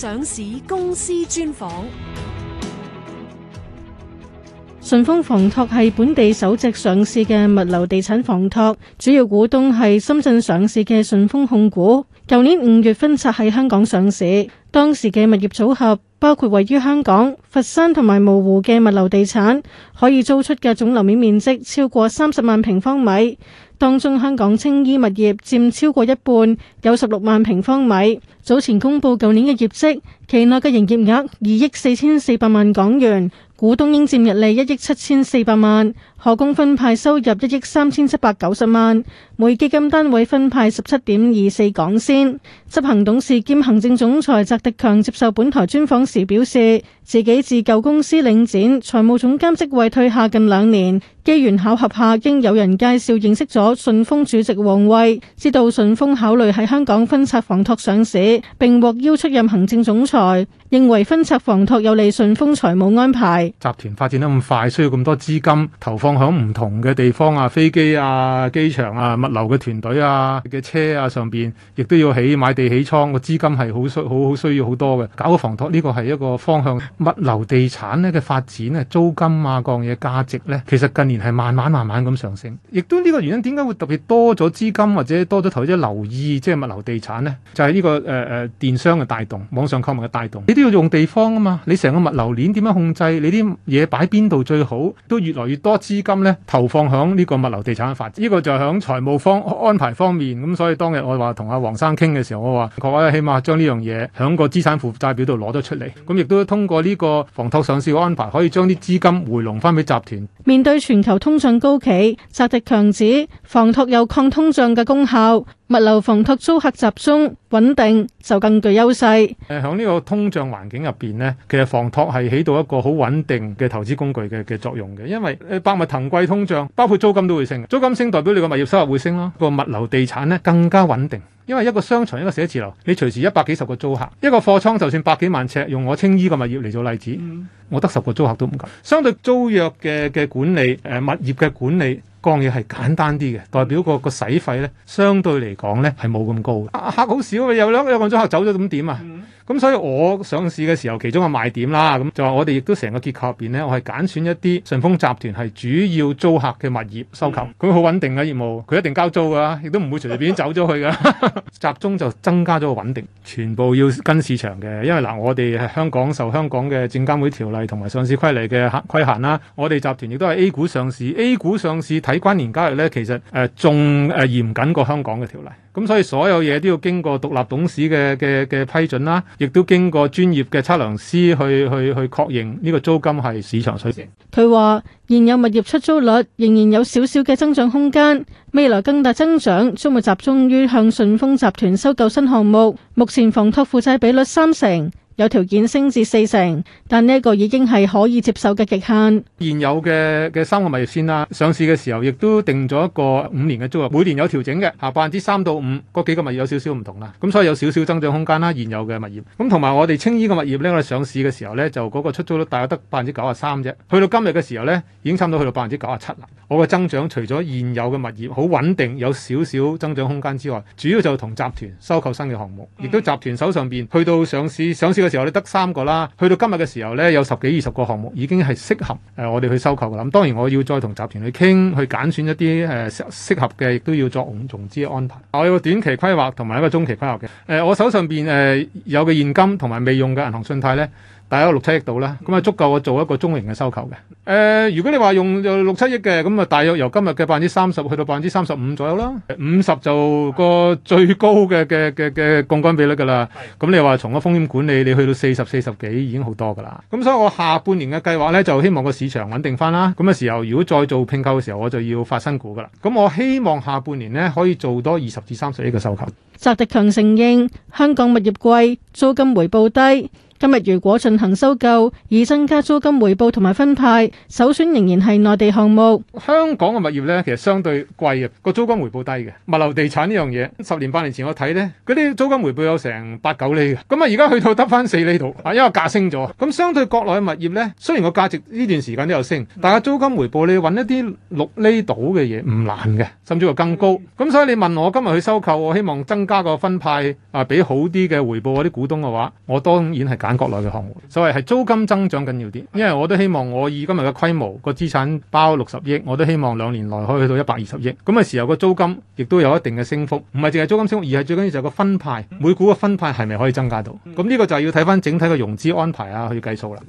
上市公司專訪，順豐房託係本地首隻上市嘅物流地產房託，主要股東係深圳上市嘅順豐控股。舊年五月分拆喺香港上市，當時嘅物業組合包括位於香港、佛山同埋蕪湖嘅物流地產，可以租出嘅總樓面面積超過三十萬平方米。當中香港青衣物業佔超過一半，有十六萬平方米。早前公布舊年嘅業績，期內嘅營業額二億四千四百萬港元，股東應佔溢利一億七千四百萬。可供分派收入一億三千七百九十萬，每基金單位分派十七點二四港仙。執行董事兼行政總裁翟迪強接受本台專訪時表示，自己自舊公司領展財務總監職位退下近兩年，機緣巧合下經有人介紹認識咗順豐主席王衛，知道順豐考慮喺香港分拆房託上市，並獲邀出任行政總裁，認為分拆房託有利順豐財務安排。集團發展得咁快，需要咁多資金投放。放響唔同嘅地方啊，飛機啊、機場啊、物流嘅團隊啊嘅車啊上邊，亦都要起買地起倉，個資金係好需好好需要好多嘅。搞個房託呢個係一個方向，物流地產咧嘅發展啊租金啊各樣嘢價值咧，其實近年係慢慢慢慢咁上升。亦都呢個原因，點解會特別多咗資金或者多咗投資者留意即係物流地產咧？就係呢個誒誒電商嘅帶動，網上購物嘅帶動，你都要用地方啊嘛。你成個物流鏈點樣控制？你啲嘢擺邊度最好？都越來越多資。資金咧投放響呢個物流地產嘅發展，呢個就響財務方安排方面，咁所以當日我話同阿黃生傾嘅時候，我話各位起碼將呢樣嘢響個資產負債表度攞咗出嚟，咁亦都通過呢個房託上市嘅安排，可以將啲資金回籠翻俾集團。面對全球通脹高企，翟迪強指房託有抗通脹嘅功效，物流房託租客集中穩定就更具優勢。誒，響呢個通脹環境入邊呢，其實房託係起到一個好穩定嘅投資工具嘅嘅作用嘅，因為誒百物。騰貴通脹，包括租金都會升。租金升代表你個物業收入會升咯。個物流地產咧更加穩定，因為一個商場一個寫字樓，你隨時一百幾十個租客，一個貨倉就算百幾萬尺。用我青衣個物業嚟做例子，我得十個租客都唔夠。相對租約嘅嘅管理，誒物業嘅管理，江嘢係簡單啲嘅，代表個個使費咧相對嚟講咧係冇咁高。客好少啊，有兩有兩個租客走咗，咁點啊？咁所以我上市嘅時候，其中個賣點啦，咁就話我哋亦都成個結構入邊呢，我係揀選一啲順豐集團係主要租客嘅物業收購，佢好穩定嘅業務，佢一定交租噶，亦都唔會隨便走咗去噶， 集中就增加咗個穩定。全部要跟市場嘅，因為嗱，我哋係香港受香港嘅證監會條例同埋上市規例嘅規限啦。我哋集團亦都係 A 股上市，A 股上市睇關聯交易呢，其實誒仲誒嚴謹過香港嘅條例。咁所以所有嘢都要經過獨立董事嘅嘅嘅批准啦，亦都經過專業嘅測量師去去去確認呢個租金係市場水平。佢話，現有物業出租率仍然有少少嘅增長空間，未來更大增長將會集中於向順豐集團收購新項目。目前房託負債比率三成。有條件升至四成，但呢個已經係可以接受嘅極限。現有嘅嘅三個物業先啦，上市嘅時候亦都定咗一個五年嘅租，每年有調整嘅，吓百分之三到五，嗰幾個物業有少少唔同啦。咁所以有少少增長空間啦。現有嘅物業，咁同埋我哋青衣嘅物業呢，我哋上市嘅時候呢，就嗰個出租率大約得百分之九十三啫。去到今日嘅時候呢，已經差唔多去到百分之九十七啦。我嘅增長除咗現有嘅物業好穩定，有少少增長空間之外，主要就同集團收購新嘅項目，亦、mm. 都集團手上邊去到上市上市嘅。時候你得三個啦，去到今日嘅時候呢，有十幾二十個項目已經係適合誒，我哋去收購嘅咁。當然我要再同集團去傾，去揀選一啲誒適合嘅，亦都要作融資嘅安排。我有個短期規劃同埋一個中期規劃嘅。誒，我手上邊誒有嘅現金同埋未用嘅銀行信貸呢。大約六七億到啦，咁啊足夠我做一個中型嘅收購嘅。誒、呃，如果你話用六七億嘅，咁啊大約由今日嘅百分之三十去到百分之三十五左右啦，五十就個最高嘅嘅嘅嘅槓桿比率噶啦。咁你話從個風險管理，你去到四十四十幾已經好多噶啦。咁所以我下半年嘅計劃咧，就希望個市場穩定翻啦。咁嘅時候，如果再做併購嘅時候，我就要發新股噶啦。咁我希望下半年咧可以做多二十至三十億嘅收購。翟迪強承認香港物業貴，租金回報低。今日如果進行收購，以增加租金回報同埋分派，首選仍然係內地項目。香港嘅物業咧，其實相對貴，個租金回報低嘅。物流地產呢樣嘢，十年八年前我睇呢，嗰啲租金回報有成八九厘嘅，咁啊而家去到得翻四厘度啊，因為價升咗。咁相對國內嘅物業咧，雖然個價值呢段時間都有升，但係租金回報你揾一啲六厘度嘅嘢唔難嘅，甚至乎更高。咁、嗯、所以你問我今日去收購，我希望增加個分派啊，俾好啲嘅回報我啲股東嘅話，我當然係國內嘅項目，所謂係租金增長緊要啲，因為我都希望我以今日嘅規模個資產包六十億，我都希望兩年內可以去到一百二十億。咁嘅時候個租金亦都有一定嘅升幅，唔係淨係租金升幅，而係最緊要就係個分派，每股嘅分派係咪可以增加到？咁呢個就係要睇返整體嘅融資安排啊，去計數啦。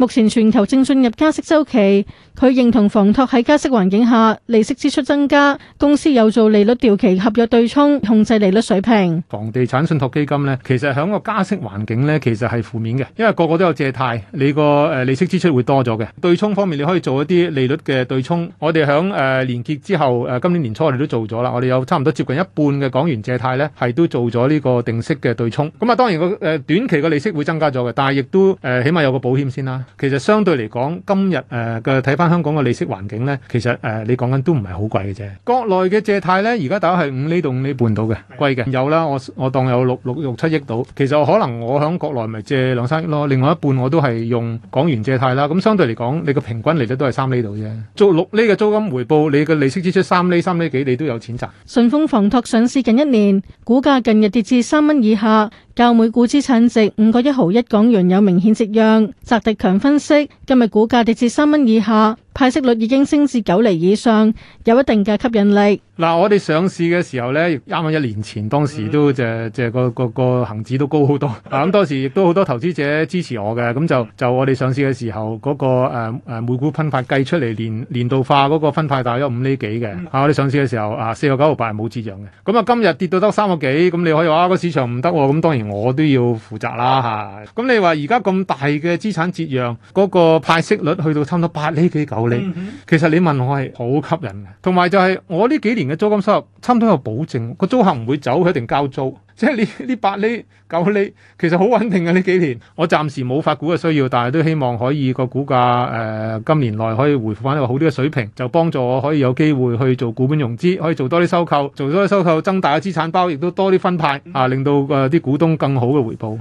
目前全球正進入加息週期，佢認同房託喺加息環境下利息支出增加，公司有做利率掉期合約對沖，控制利率水平。房地產信託基金呢，其實喺個加息環境呢，其實係負面嘅，因為個個都有借貸，你個誒利息支出會多咗嘅。對沖方面，你可以做一啲利率嘅對沖。我哋響誒年結之後，誒今年年初我哋都做咗啦，我哋有差唔多接近一半嘅港元借貸呢，係都做咗呢個定息嘅對沖。咁啊，當然個誒短期個利息會增加咗嘅，但係亦都誒起碼有個保險先啦。其實相對嚟講，今日誒嘅，睇返香港嘅利息環境咧，其實誒、呃、你講緊都唔係好貴嘅啫。國內嘅借貸咧，而家大概係五厘到五厘半度嘅，貴嘅有啦。我我當有六六六七億度，其實可能我喺國內咪借兩三億咯。另外一半我都係用港元借貸啦。咁相對嚟講，你個平均利率都係三厘度啫。做六厘嘅租金回報，你嘅利息支出三厘三厘幾，你都有錢賺。順豐房託上市近一年，股價近日跌至三蚊以下。較每股資產值五個一毫一港元有明顯折讓。翟迪強分析，今日股價跌至三蚊以下。派息率已經升至九厘以上，有一定嘅吸引力。嗱，我哋上市嘅時候咧，啱啱一年前，當時都就係即係個個個恒指都高好多。咁、啊、當時亦都好多投資者支持我嘅，咁就就我哋上市嘅時候，嗰、個誒、啊、每股分派計出嚟年年度化嗰個分派大約五厘幾嘅、啊。啊，我哋上市嘅時候啊，四個九毫八係冇折讓嘅。咁啊，今日跌到得三個幾，咁你可以話、個市場唔得。咁當然我都要負責啦嚇。咁你話而家咁大嘅資產折讓，嗰、個派息率去到差唔多八厘幾九。其實你問我係好吸引嘅，同埋就係我呢幾年嘅租金收入差唔多有保證，個租客唔會走，佢一定交租。即係呢呢八厘九厘，其實好穩定嘅呢幾年。我暫時冇發股嘅需要，但係都希望可以個股價誒、呃，今年內可以回復翻一個好啲嘅水平，就幫助我可以有機會去做股本融資，可以做多啲收購，做多啲收購增大嘅資產包，亦都多啲分派啊，令到啲、呃、股東更好嘅回報。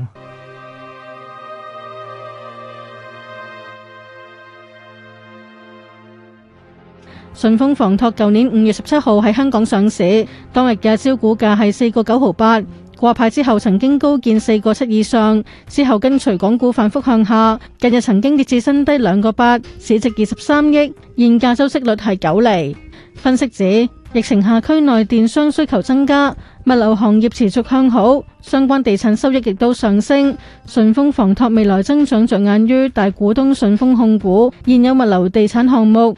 順豐房託舊年五月十七號喺香港上市，當日嘅招股價係四個九毫八，掛牌之後曾經高見四個七以上，之後跟隨港股反復向下，近日曾經跌至新低兩個八，市值二十三億，現價收息率係九厘。分析指疫情下區內電商需求增加，物流行業持續向好，相關地產收益亦都上升。順豐房託未來增長着眼於大股東順豐控股現有物流地產項目。